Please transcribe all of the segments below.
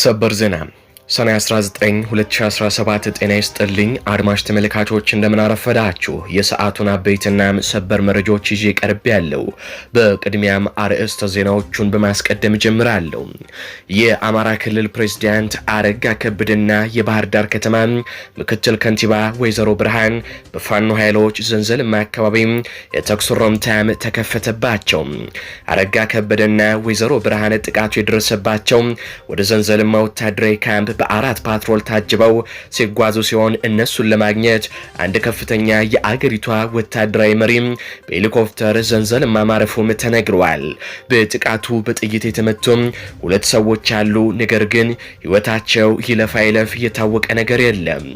ሰበር ዜና ሰኔ 19 2017 ጤና ይስጥልኝ አድማሽ ተመልካቾች፣ አረፈዳችሁ። የሰዓቱን አበይትና ሰበር መረጃዎች ይዤ ቀርብ ያለው። በቅድሚያም አርዕስተ ዜናዎቹን በማስቀደም ጀምራለሁ። የአማራ ክልል ፕሬዝዳንት አረጋ ከበደና የባህር ዳር ከተማ ምክትል ከንቲባ ወይዘሮ ብርሃን በፋኖ ኃይሎች ዘንዘልማ አካባቢ የተኩስ ሮምታም ተከፈተባቸው። አረጋ ከበደና ወይዘሮ ብርሃን ጥቃቱ የደረሰባቸው ወደ ዘንዘልማ ወታደራዊ ካምፕ በአራት ፓትሮል ታጅበው ሲጓዙ ሲሆን እነሱን ለማግኘት አንድ ከፍተኛ የአገሪቷ ወታደራዊ መሪም በሄሊኮፕተር ዘንዘልማ ማረፉም ተነግረዋል። በጥቃቱ በጥይት የተመቱም ሁለት ሰዎች አሉ። ነገር ግን ሕይወታቸው ይለፍ አይለፍ የታወቀ ነገር የለም።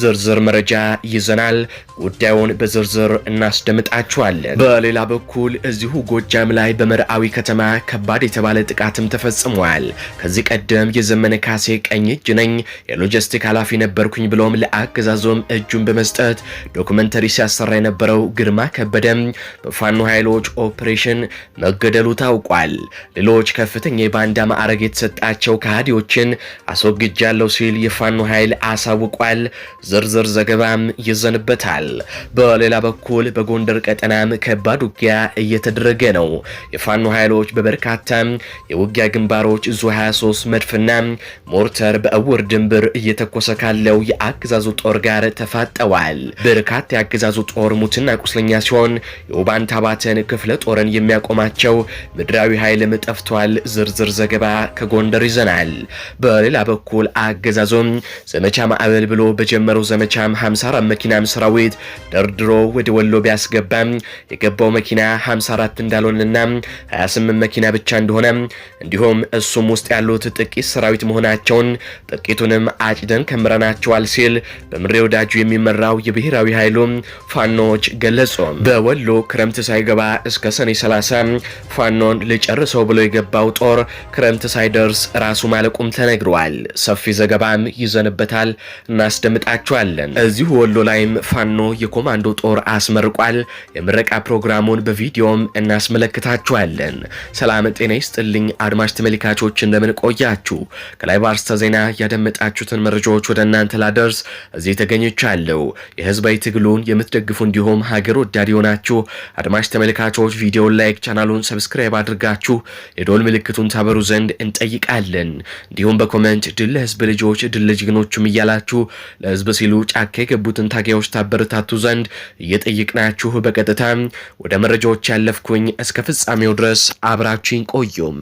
ዝርዝር መረጃ ይዘናል። ጉዳዩን በዝርዝር እናስደምጣችኋለን። በሌላ በኩል እዚሁ ጎጃም ላይ በመርአዊ ከተማ ከባድ የተባለ ጥቃትም ተፈጽሟል። ከዚህ ቀደም የዘመነ ካሴ ቀኝ እጅ ነኝ፣ የሎጂስቲክ ኃላፊ ነበርኩኝ ብለውም ለአገዛዞም እጁን በመስጠት ዶክመንተሪ ሲያሰራ የነበረው ግርማ ከበደም በፋኖ ኃይሎች ኦፕሬሽን መገደሉ ታውቋል። ሌሎች ከፍተኛ የባንዳ ማዕረግ የተሰጣቸው ከሃዲዎችን አስወግጃለሁ ሲል የፋኖ ኃይል አሳውቋል። ዝርዝር ዘገባም ይዘንበታል። በሌላ በኩል በጎንደር ቀጠናም ከባድ ውጊያ እየተደረገ ነው። የፋኖ ኃይሎች በበርካታ የውጊያ ግንባሮች ዙ 23 መድፍና ሞርተር በ ዕውር ድንብር እየተኮሰ ካለው የአገዛዙ ጦር ጋር ተፋጠዋል። በርካታ የአገዛዙ ጦር ሙትና ቁስለኛ ሲሆን የኡባንታ ባተን ክፍለ ጦርን የሚያቆማቸው ምድራዊ ኃይልም ጠፍቷል። ዝርዝር ዘገባ ከጎንደር ይዘናል። በሌላ በኩል አገዛዞም ዘመቻ ማዕበል ብሎ በጀመረው ዘመቻ 54 መኪናም ሰራዊት ደርድሮ ወደ ወሎ ቢያስገባም የገባው መኪና 54 እንዳልሆነና 28 መኪና ብቻ እንደሆነ እንዲሁም እሱም ውስጥ ያሉት ጥቂት ሰራዊት መሆናቸውን ጥቂቱንም አጭደን ከምረናቸዋል ሲል በምሬ ወዳጁ የሚመራው የብሔራዊ ኃይሉ ፋኖች ገለጹ። በወሎ ክረምት ሳይገባ እስከ ሰኔ 30 ፋኖን ልጨርሰው ብሎ የገባው ጦር ክረምት ሳይደርስ ራሱ ማለቁም ተነግሯል። ሰፊ ዘገባም ይዘንበታል፣ እናስደምጣቸዋለን። እዚሁ ወሎ ላይም ፋኖ የኮማንዶ ጦር አስመርቋል። የምረቃ ፕሮግራሙን በቪዲዮም እናስመለክታችኋለን። ሰላም ጤና ይስጥልኝ አድማጭ ተመልካቾች እንደምን ቆያችሁ? ከላይ ባርስተ ዜና ያደመጣችሁትን መረጃዎች ወደ እናንተ ላደርስ እዚህ ተገኝቻለሁ። የህዝባዊ ትግሉን የምትደግፉ እንዲሁም ሀገር ወዳድ የሆናችሁ አድማጭ ተመልካቾች ቪዲዮን ላይክ፣ ቻናሉን ሰብስክራይብ አድርጋችሁ የዶል ምልክቱን ታበሩ ዘንድ እንጠይቃለን። እንዲሁም በኮመንት ድል ለህዝብ ልጆች፣ ድል ለጀግኖቹም እያላችሁ ለህዝብ ሲሉ ጫካ የገቡትን ታጋዮች ታበረታቱ ዘንድ እየጠየቅናችሁ በቀጥታ ወደ መረጃዎች ያለፍኩኝ እስከ ፍጻሜው ድረስ አብራችኝ ቆዩም።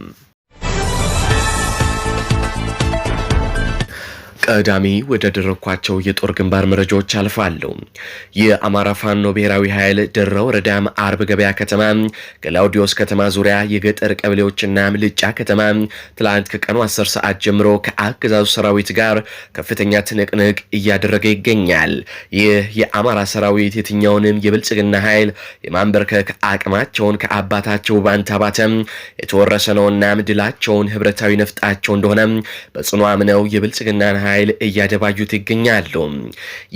ቀዳሚ ወዳደረኳቸው የጦር ግንባር መረጃዎች አልፋለሁ። የአማራ ፋኖ ብሔራዊ ኃይል ደረ ወረዳም አርብ ገበያ ከተማ፣ ገላውዲዮስ ከተማ ዙሪያ የገጠር ቀበሌዎችና ልጫ ከተማ ትላንት ከቀኑ 10 ሰዓት ጀምሮ ከአገዛዙ ሰራዊት ጋር ከፍተኛ ትንቅንቅ እያደረገ ይገኛል። ይህ የአማራ ሰራዊት የትኛውንም የብልጽግና ኃይል የማንበርከክ አቅማቸውን ከአባታቸው ባንታባተም የተወረሰ ነውና ድላቸውን ህብረታዊ ነፍጣቸው እንደሆነ በጽኑ አምነው የብልጽግናን ኃይል እያደባዩት ይገኛሉ።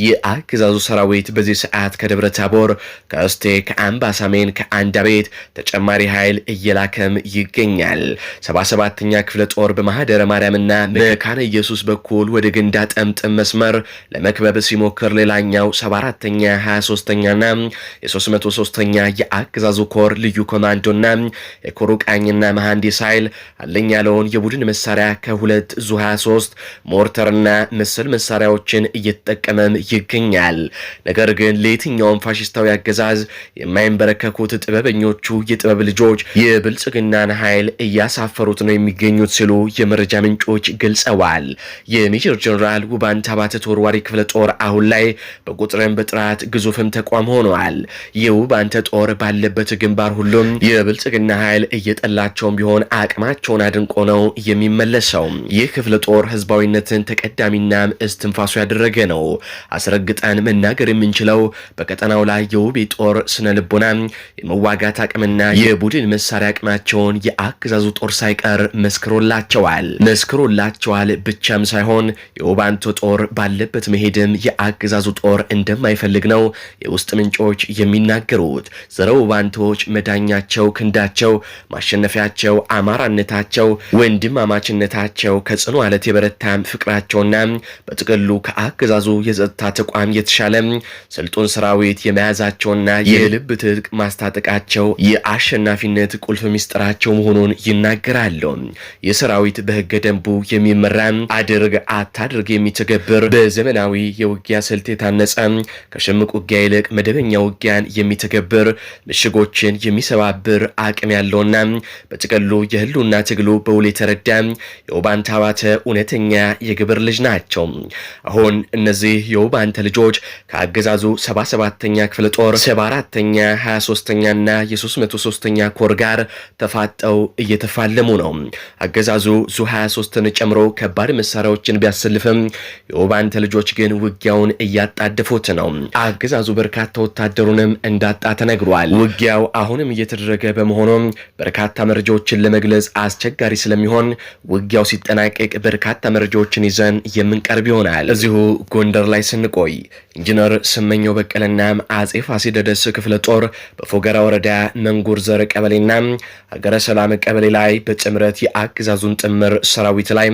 የአገዛዙ ሰራዊት በዚህ ሰዓት ከደብረ ታቦር፣ ከእስቴ፣ ከአምባሳሜን፣ ቤት ተጨማሪ ኃይል እየላከም ይገኛል። ሰባ ሰባተኛ ክፍለ ጦር በማህደረ ማርያምና መካነ ኢየሱስ በኩል ወደ ግንዳ ጠምጥም መስመር ለመክበብ ሲሞክር፣ ሌላኛው 74ተኛ ኛና የ የ303ተኛ የአገዛዙ ኮር ልዩ ኮማንዶና የኮሩ ቃኝና መሐንዲስ ኃይል አለኝ ያለውን የቡድን መሳሪያ ከሁለት ዙ 23 ሞርተርና ና መሰል መሳሪያዎችን እየተጠቀመም ይገኛል። ነገር ግን ለየትኛውም ፋሽስታዊ አገዛዝ የማይንበረከኩት ጥበበኞቹ የጥበብ ልጆች የብልጽግናን ኃይል እያሳፈሩት ነው የሚገኙት ሲሉ የመረጃ ምንጮች ገልጸዋል። የሜጀር ጀኔራል ውባንተ አባተ ተወርዋሪ ክፍለ ጦር አሁን ላይ በቁጥርም በጥራት ግዙፍም ተቋም ሆነዋል። የውባንተ ጦር ባለበት ግንባር ሁሉም የብልጽግና ኃይል እየጠላቸውም ቢሆን አቅማቸውን አድንቆ ነው የሚመለሰው። ይህ ክፍለ ጦር ህዝባዊነትን ተቀ አስቀዳሚና እስትንፋሱ ያደረገ ነው። አስረግጠን መናገር የምንችለው በቀጠናው ላይ የውብ ጦር ስነ ልቦና፣ የመዋጋት አቅምና የቡድን መሳሪያ አቅማቸውን የአገዛዙ ጦር ሳይቀር መስክሮላቸዋል መስክሮላቸዋል ብቻም ሳይሆን የውባንቶ ጦር ባለበት መሄድም የአገዛዙ ጦር እንደማይፈልግ ነው የውስጥ ምንጮች የሚናገሩት። ዘረ ኦባንቶዎች መዳኛቸው ክንዳቸው፣ ማሸነፊያቸው አማራነታቸው፣ ወንድማማችነታቸው ከጽኑ አለት የበረታም ፍቅራቸውን ያለውና በጥቅሉ ከአገዛዙ የጸጥታ ተቋም የተሻለ ስልጡን ሰራዊት የመያዛቸውና የልብ ትጥቅ ማስታጠቃቸው የአሸናፊነት ቁልፍ ሚስጥራቸው መሆኑን ይናገራሉ። የሰራዊት በህገ ደንቡ የሚመራ አድርግ አታድርግ የሚተገብር በዘመናዊ የውጊያ ስልት የታነጸ ከሽምቅ ውጊያ ይልቅ መደበኛ ውጊያን የሚተገብር ምሽጎችን የሚሰባብር አቅም ያለውና በጥቅሉ የህልውና ትግሉ በውል የተረዳ የውባንታ እውነተኛ የግብር ልጅ ልጅ ናቸው። አሁን እነዚህ የውባንተ ልጆች ከአገዛዙ 77ኛ ክፍለ ጦር 74ኛ፣ 23ኛና የ303ኛ ኮር ጋር ተፋጠው እየተፋለሙ ነው። አገዛዙ ዙ 23ን ጨምሮ ከባድ መሳሪያዎችን ቢያሰልፍም የውባንተ ልጆች ግን ውጊያውን እያጣደፉት ነው። አገዛዙ በርካታ ወታደሩንም እንዳጣ ተነግሯል። ውጊያው አሁንም እየተደረገ በመሆኑም በርካታ መረጃዎችን ለመግለጽ አስቸጋሪ ስለሚሆን ውጊያው ሲጠናቀቅ በርካታ መረጃዎችን ይዘን የምንቀርብ ይሆናል። እዚሁ ጎንደር ላይ ስንቆይ ኢንጂነር ስመኘው በቀለና አጼ ፋሲለደስ ክፍለ ጦር በፎገራ ወረዳ መንጎር ዘር ቀበሌና ሀገረ ሰላም ቀበሌ ላይ በጥምረት የአገዛዙን ጥምር ሰራዊት ላይ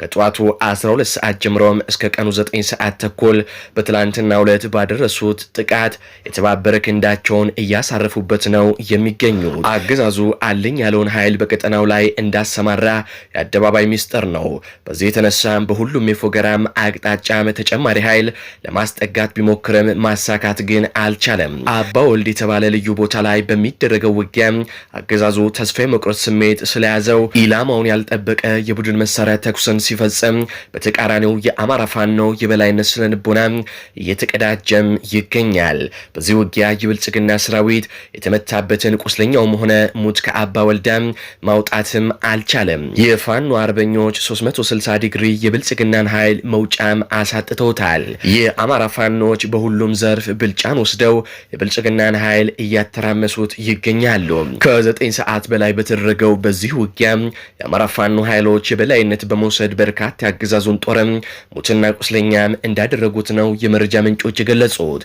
ከጠዋቱ 12 ሰዓት ጀምሮም እስከ ቀኑ 9 ሰዓት ተኩል በትላንትና ዕለት ባደረሱት ጥቃት የተባበረ ክንዳቸውን እያሳረፉበት ነው የሚገኙት። አገዛዙ አለኝ ያለውን ኃይል በቀጠናው ላይ እንዳሰማራ የአደባባይ ሚስጥር ነው። በዚህ የተነሳ በሁሉም ገራም አቅጣጫም ተጨማሪ ኃይል ለማስጠጋት ቢሞክርም ማሳካት ግን አልቻለም። አባ ወልድ የተባለ ልዩ ቦታ ላይ በሚደረገው ውጊያ አገዛዙ ተስፋ የመቁረጥ ስሜት ስለያዘው ኢላማውን ያልጠበቀ የቡድን መሳሪያ ተኩስን ሲፈጽም፣ በተቃራኒው የአማራ ፋኖ የበላይነት ስለንቦና እየተቀዳጀም ይገኛል። በዚህ ውጊያ የብልጽግና ሰራዊት የተመታበትን ቁስለኛውም ሆነ ሙት ከአባ ወልዳ ማውጣትም አልቻለም። የፋኖ አርበኞች 360 ዲግሪ የብልጽግና የኦሮሚያን ኃይል መውጫም አሳጥተውታል። አማራ ፋኖች በሁሉም ዘርፍ ብልጫን ወስደው የብልጽግናን ኃይል እያተራመሱት ይገኛሉ። ከዘጠኝ ሰዓት በላይ በተደረገው በዚህ ውጊያ የአማራ ፋኖ ኃይሎች የበላይነት በመውሰድ በርካታ ያገዛዙን ጦርም ሙትና ቁስለኛም እንዳደረጉት ነው የመረጃ ምንጮች የገለጹት።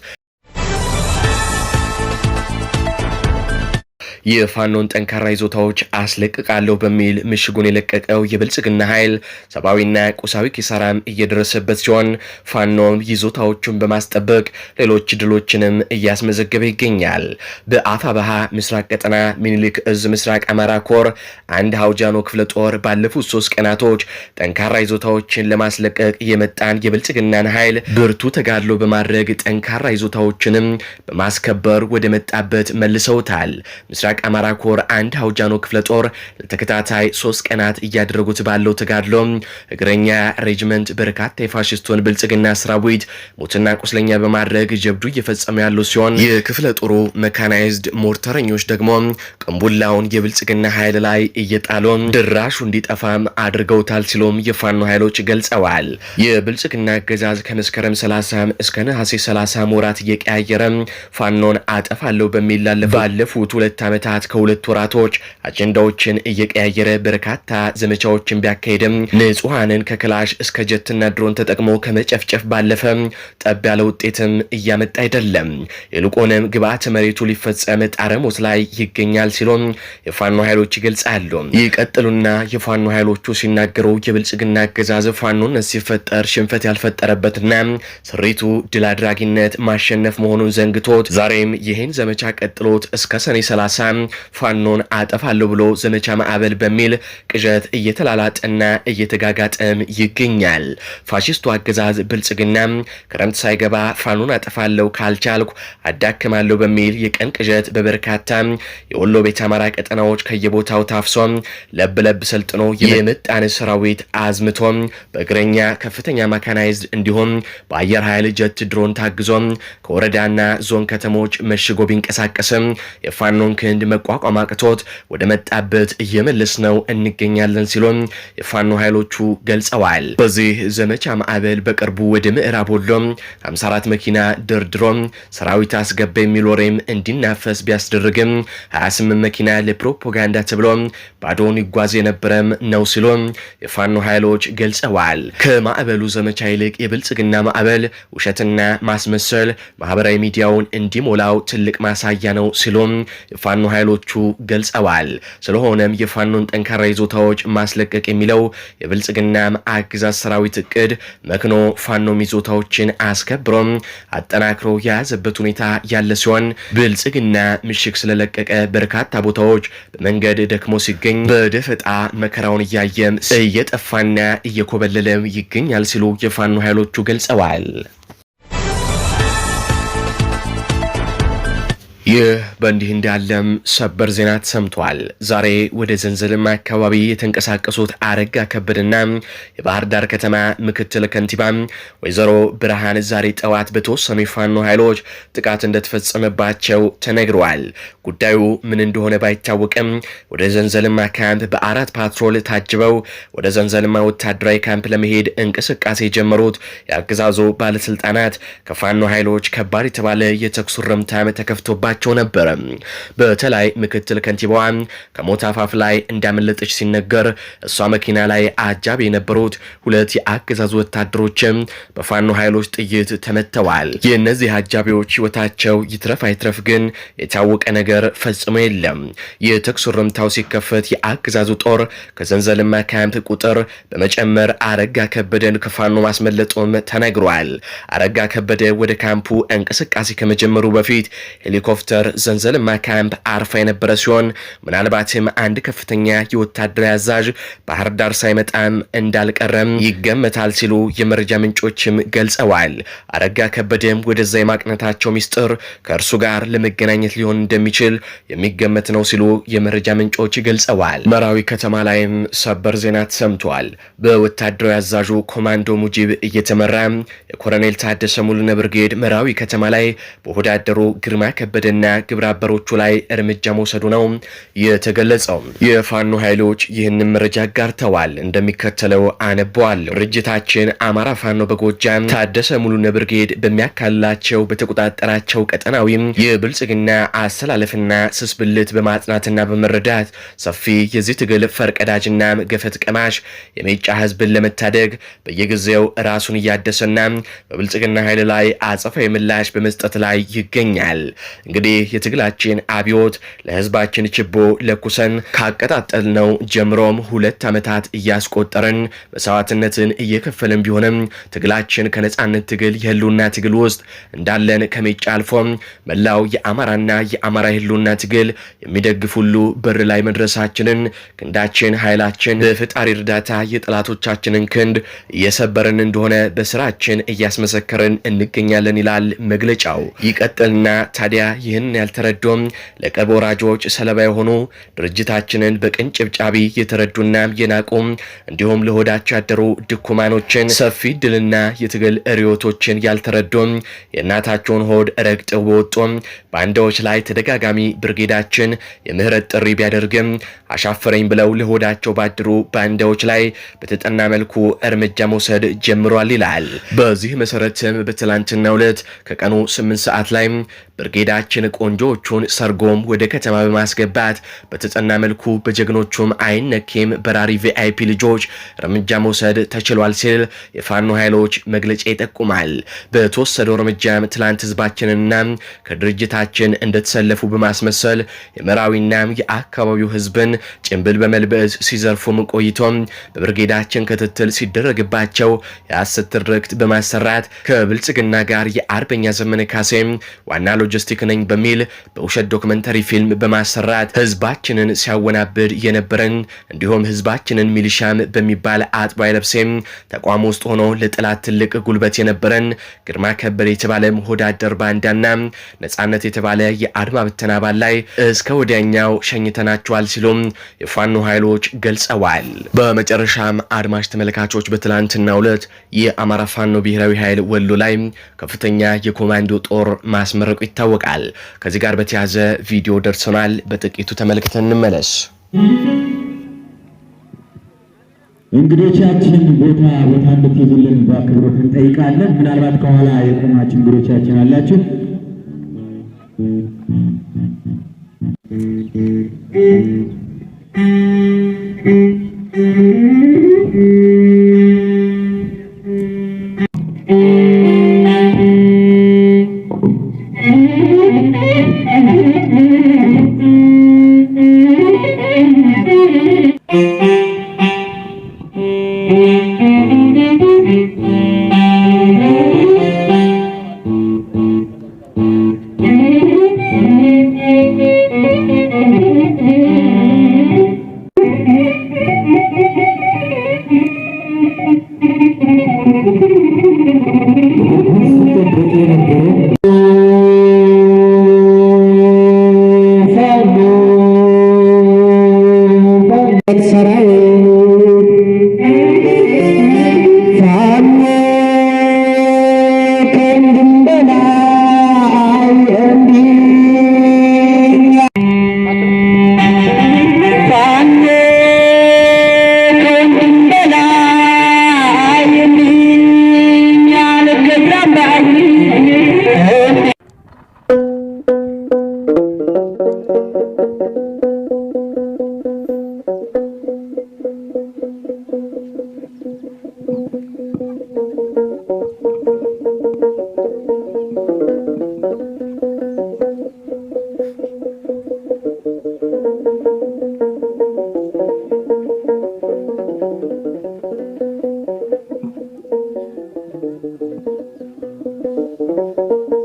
የፋኖን ጠንካራ ይዞታዎች አስለቅቃለሁ በሚል ምሽጉን የለቀቀው የብልጽግና ኃይል ሰብአዊና ቁሳዊ ኪሳራም እየደረሰበት ሲሆን ፋኖም ይዞታዎቹን በማስጠበቅ ሌሎች ድሎችንም እያስመዘገበ ይገኛል። በአፋባሃ ምስራቅ ቀጠና ሚኒሊክ እዝ ምስራቅ አማራ ኮር አንድ ሀውጃኖ ክፍለ ጦር ባለፉት ሶስት ቀናቶች ጠንካራ ይዞታዎችን ለማስለቀቅ የመጣን የብልጽግናን ኃይል ብርቱ ተጋድሎ በማድረግ ጠንካራ ይዞታዎችንም በማስከበር ወደ መጣበት መልሰውታል። ምስራቅ ምስራቅ አማራ ኮር አንድ አውጃኖ ክፍለ ጦር ለተከታታይ ሶስት ቀናት እያደረጉት ባለው ተጋድሎ እግረኛ ሬጅመንት በርካታ የፋሽስቱን ብልጽግና ሰራዊት ሞትና ቁስለኛ በማድረግ ጀብዱ እየፈጸመ ያለው ሲሆን የክፍለ ጦሩ መካናይዝድ ሞርተረኞች ደግሞ ቅንቡላውን የብልጽግና ኃይል ላይ እየጣሉ ድራሹ እንዲጠፋም አድርገውታል ሲሉም የፋኖ ኃይሎች ገልጸዋል። የብልጽግና አገዛዝ ከመስከረም 30 እስከ ነሐሴ 30 ወራት እየቀያየረ ፋኖን አጠፋለሁ በሚላለፉ ባለፉት ሁለት ዓመታት ዓመታት ከሁለት ወራቶች አጀንዳዎችን እየቀያየረ በርካታ ዘመቻዎችን ቢያካሄድም ንጹሐንን ከክላሽ እስከ ጀትና ድሮን ተጠቅሞ ከመጨፍጨፍ ባለፈ ጠብ ያለ ውጤትም እያመጣ አይደለም። ይልቁንም ግብዓተ መሬቱ ሊፈጸም ጣረሞት ላይ ይገኛል ሲሎም የፋኖ ኃይሎች ይገልጻሉ። ይቀጥሉና የፋኖ ኃይሎቹ ሲናገሩ የብልጽግና አገዛዝ ፋኖነት ሲፈጠር ሽንፈት ያልፈጠረበትና ስሪቱ ድል አድራጊነት ማሸነፍ መሆኑን ዘንግቶት ዛሬም ይህን ዘመቻ ቀጥሎት እስከ ሰኔ 30 ፋኖን አጠፋለሁ ብሎ ዘመቻ ማዕበል በሚል ቅዠት እየተላላጠና እየተጋጋጠም ይገኛል። ፋሽስቱ አገዛዝ ብልጽግና ክረምት ሳይገባ ፋኖን አጠፋለሁ ካልቻልኩ አዳክማለሁ በሚል የቀን ቅዠት በበርካታ የወሎ ቤት አማራ ቀጠናዎች ከየቦታው ታፍሶ ለብለብ ሰልጥኖ የምጣነ ሰራዊት አዝምቶ በእግረኛ ከፍተኛ ማካናይዝድ እንዲሁም በአየር ኃይል ጀት ድሮን ታግዞ ከወረዳና ዞን ከተሞች መሽጎ ቢንቀሳቀስም የፋኖን ክንድ መቋቋም አቅቶት ወደ መጣበት እየመለስ ነው እንገኛለን ሲሉም የፋኖ ኃይሎቹ ገልጸዋል። በዚህ ዘመቻ ማዕበል በቅርቡ ወደ ምዕራብ ወሎ 54 መኪና ደርድሮ ሰራዊት አስገባ የሚል ወሬም እንዲናፈስ ቢያስደርግም 28 መኪና ለፕሮፓጋንዳ ተብሎ ባዶውን ይጓዝ የነበረም ነው ሲሉ የፋኖ ኃይሎች ገልጸዋል። ከማዕበሉ ዘመቻ ይልቅ የብልጽግና ማዕበል ውሸትና ማስመሰል ማህበራዊ ሚዲያውን እንዲሞላው ትልቅ ማሳያ ነው ሲሉ የፋኖ የፋኖ ኃይሎቹ ገልጸዋል። ስለሆነም የፋኖን ጠንካራ ይዞታዎች ማስለቀቅ የሚለው የብልጽግና አገዛዝ ሰራዊት እቅድ መክኖ ፋኖም ይዞታዎችን አስከብሮም አጠናክሮ የያዘበት ሁኔታ ያለ ሲሆን ብልጽግና ምሽግ ስለለቀቀ በርካታ ቦታዎች በመንገድ ደክሞ ሲገኝ በደፈጣ መከራውን እያየም እየጠፋና እየኮበለለም ይገኛል ሲሉ የፋኖ ኃይሎቹ ገልጸዋል። ይህ በእንዲህ እንዳለም ሰበር ዜና ተሰምቷል። ዛሬ ወደ ዘንዘልማ አካባቢ የተንቀሳቀሱት አረጋ ከበድና የባህር ዳር ከተማ ምክትል ከንቲባ ወይዘሮ ብርሃን ዛሬ ጠዋት በተወሰኑ የፋኖ ኃይሎች ጥቃት እንደተፈጸመባቸው ተነግረዋል። ጉዳዩ ምን እንደሆነ ባይታወቅም ወደ ዘንዘልማ ካምፕ በአራት ፓትሮል ታጅበው ወደ ዘንዘልማ ወታደራዊ ካምፕ ለመሄድ እንቅስቃሴ የጀመሩት የአገዛዙ ባለስልጣናት ከፋኖ ኃይሎች ከባድ የተባለ የተኩስ ርምታም ተከፍቶባቸው ተነግሯቸው ነበር በተለይ ምክትል ከንቲባዋ ከሞት አፋፍ ላይ እንዳመለጠች ሲነገር እሷ መኪና ላይ አጃቢ የነበሩት ሁለት የአገዛዙ ወታደሮችም በፋኖ ኃይሎች ጥይት ተመተዋል። የእነዚህ አጃቢዎች ህይወታቸው ይትረፍ አይትረፍ ግን የታወቀ ነገር ፈጽሞ የለም። የተኩስ ርምታው ሲከፈት የአገዛዙ ጦር ከዘንዘልማ ካምፕ ቁጥር በመጨመር አረጋ ከበደን ከፋኖ ማስመለጡም ተነግሯል። አረጋ ከበደ ወደ ካምፑ እንቅስቃሴ ከመጀመሩ በፊት ሄሊኮፕተር ዶክተር ዘንዘልማ ካምፕ አርፋ የነበረ ሲሆን ምናልባትም አንድ ከፍተኛ የወታደራዊ አዛዥ ባህር ዳር ሳይመጣም እንዳልቀረም ይገመታል ሲሉ የመረጃ ምንጮችም ገልጸዋል። አረጋ ከበደም ወደዛ የማቅነታቸው ሚስጥር ከእርሱ ጋር ለመገናኘት ሊሆን እንደሚችል የሚገመት ነው ሲሉ የመረጃ ምንጮች ገልጸዋል። መራዊ ከተማ ላይም ሰበር ዜና ተሰምቷል። በወታደራዊ አዛዡ ኮማንዶ ሙጂብ እየተመራ የኮሎኔል ታደሰ ሙሉነ ብርጌድ መራዊ ከተማ ላይ በወዳደሩ ግርማ ከበደ በመከላከልና ግብረ አበሮቹ ላይ እርምጃ መውሰዱ ነው የተገለጸው። የፋኖ ኃይሎች ይህንን መረጃ አጋርተዋል። እንደሚከተለው አነበዋለሁ። ድርጅታችን አማራ ፋኖ በጎጃም ታደሰ ሙሉ ነብርጌድ በሚያካልላቸው በተቆጣጠራቸው ቀጠናዊም የብልጽግና አሰላለፍና ስስብልት በማጽናትና በመረዳት ሰፊ የዚህ ትግል ፈርቀዳጅና ገፈት ቀማሽ የሜጫ ህዝብን ለመታደግ በየጊዜው ራሱን እያደሰና በብልጽግና ኃይል ላይ አጸፋዊ ምላሽ በመስጠት ላይ ይገኛል። እንግዲህ የትግላችን አብዮት ለህዝባችን ችቦ ለኩሰን ነው ጀምሮም ሁለት ዓመታት እያስቆጠርን መስዋዕትነትን እየከፈልን ቢሆንም ትግላችን ከነጻነት ትግል የህልውና ትግል ውስጥ እንዳለን ከሜጫ አልፎ መላው የአማራና የአማራ የህልውና ትግል የሚደግፍ ሁሉ በር ላይ መድረሳችንን ክንዳችን ኃይላችን በፈጣሪ እርዳታ የጠላቶቻችንን ክንድ እየሰበርን እንደሆነ በስራችን እያስመሰከርን እንገኛለን ይላል መግለጫው። ይቀጥልና ታዲያ ይህን ያልተረዶም ለቅርብ ወራጆች ሰለባ የሆኑ ድርጅታችንን በቅንጭብጫቢ የተረዱና የናቁም እንዲሁም ለሆዳቸው ያደሩ ድኩማኖችን ሰፊ ድልና የትግል ርዕዮቶችን ያልተረዶም የእናታቸውን ሆድ ረግጠው በወጡም ባንዳዎች ላይ ተደጋጋሚ ብርጌዳችን የምህረት ጥሪ ቢያደርግም አሻፈረኝ ብለው ለሆዳቸው ባደሩ ባንዳዎች ላይ በተጠና መልኩ እርምጃ መውሰድ ጀምሯል ይላል። በዚህ መሰረትም በትላንትናው ዕለት ከቀኑ 8 ሰዓት ላይ ብርጌዳችን የሀገራችን ቆንጆዎቹን ሰርጎም ወደ ከተማ በማስገባት በተጠና መልኩ በጀግኖቹም ነኬም በራሪ ቪአይፒ ልጆች እርምጃ መውሰድ ተችሏል ሲል የፋኖ ኃይሎች መግለጫ ይጠቁማል። በተወሰደው እርምጃም ትላንት ህዝባችንና ከድርጅታችን እንደተሰለፉ በማስመሰል የመራዊና የአካባቢው ህዝብን ጭንብል በመልበስ ሲዘርፉም ቆይቶም በብርጌዳችን ክትትል ሲደረግባቸው የሐሰት ትርክት በማሰራት ከብልጽግና ጋር የአርበኛ ዘመነ ካሴም ዋና ሎጂስቲክ ነኝ በሚል በውሸት ዶክመንተሪ ፊልም በማሰራት ህዝባችንን ሲያወናብድ የነበረን እንዲሁም ህዝባችንን ሚሊሻም በሚባል አጥቦ አይለብሴም ተቋም ውስጥ ሆኖ ለጠላት ትልቅ ጉልበት የነበረን ግርማ ከበደ የተባለ ሆዳደር ባንዳና ነጻነት የተባለ የአድማ ብተና አባል ላይ እስከ ወዲያኛው ሸኝተናቸዋል ሲሉም የፋኖ ኃይሎች ገልጸዋል። በመጨረሻም አድማሽ ተመልካቾች በትላንትናው ዕለት የአማራ ፋኖ ብሔራዊ ኃይል ወሎ ላይ ከፍተኛ የኮማንዶ ጦር ማስመረቁ ይታወቃል። ከዚህ ጋር በተያዘ ቪዲዮ ደርሰናል። በጥቂቱ ተመልክተን እንመለስ። እንግዶቻችን ቦታ ቦታ እንድትይዙልን በአክብሮት እንጠይቃለን። ምናልባት ከኋላ የቆማችሁ እንግዶቻችን አላችሁ። Thank you. thank you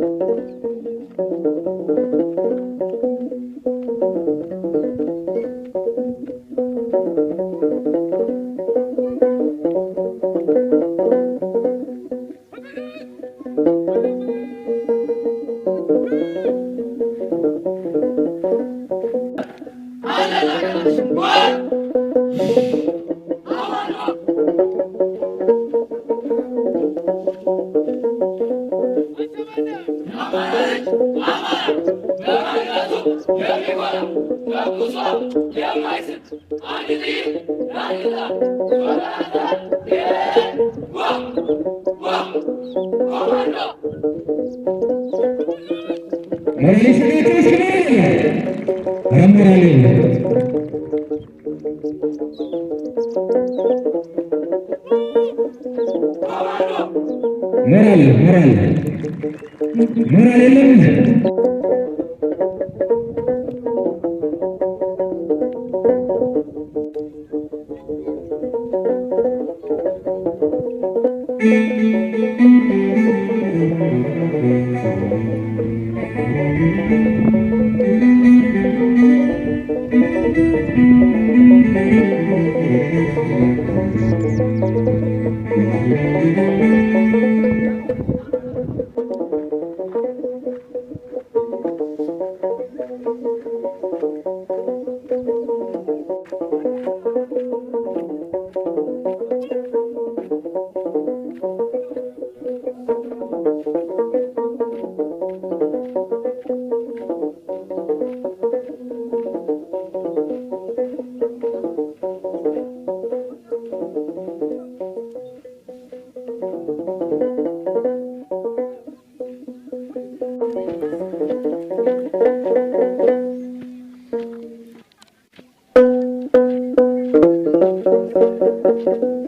Thank you. የሚቆረብ በብሷ የማይስት የለም Thank you. thank you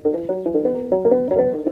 Thank you.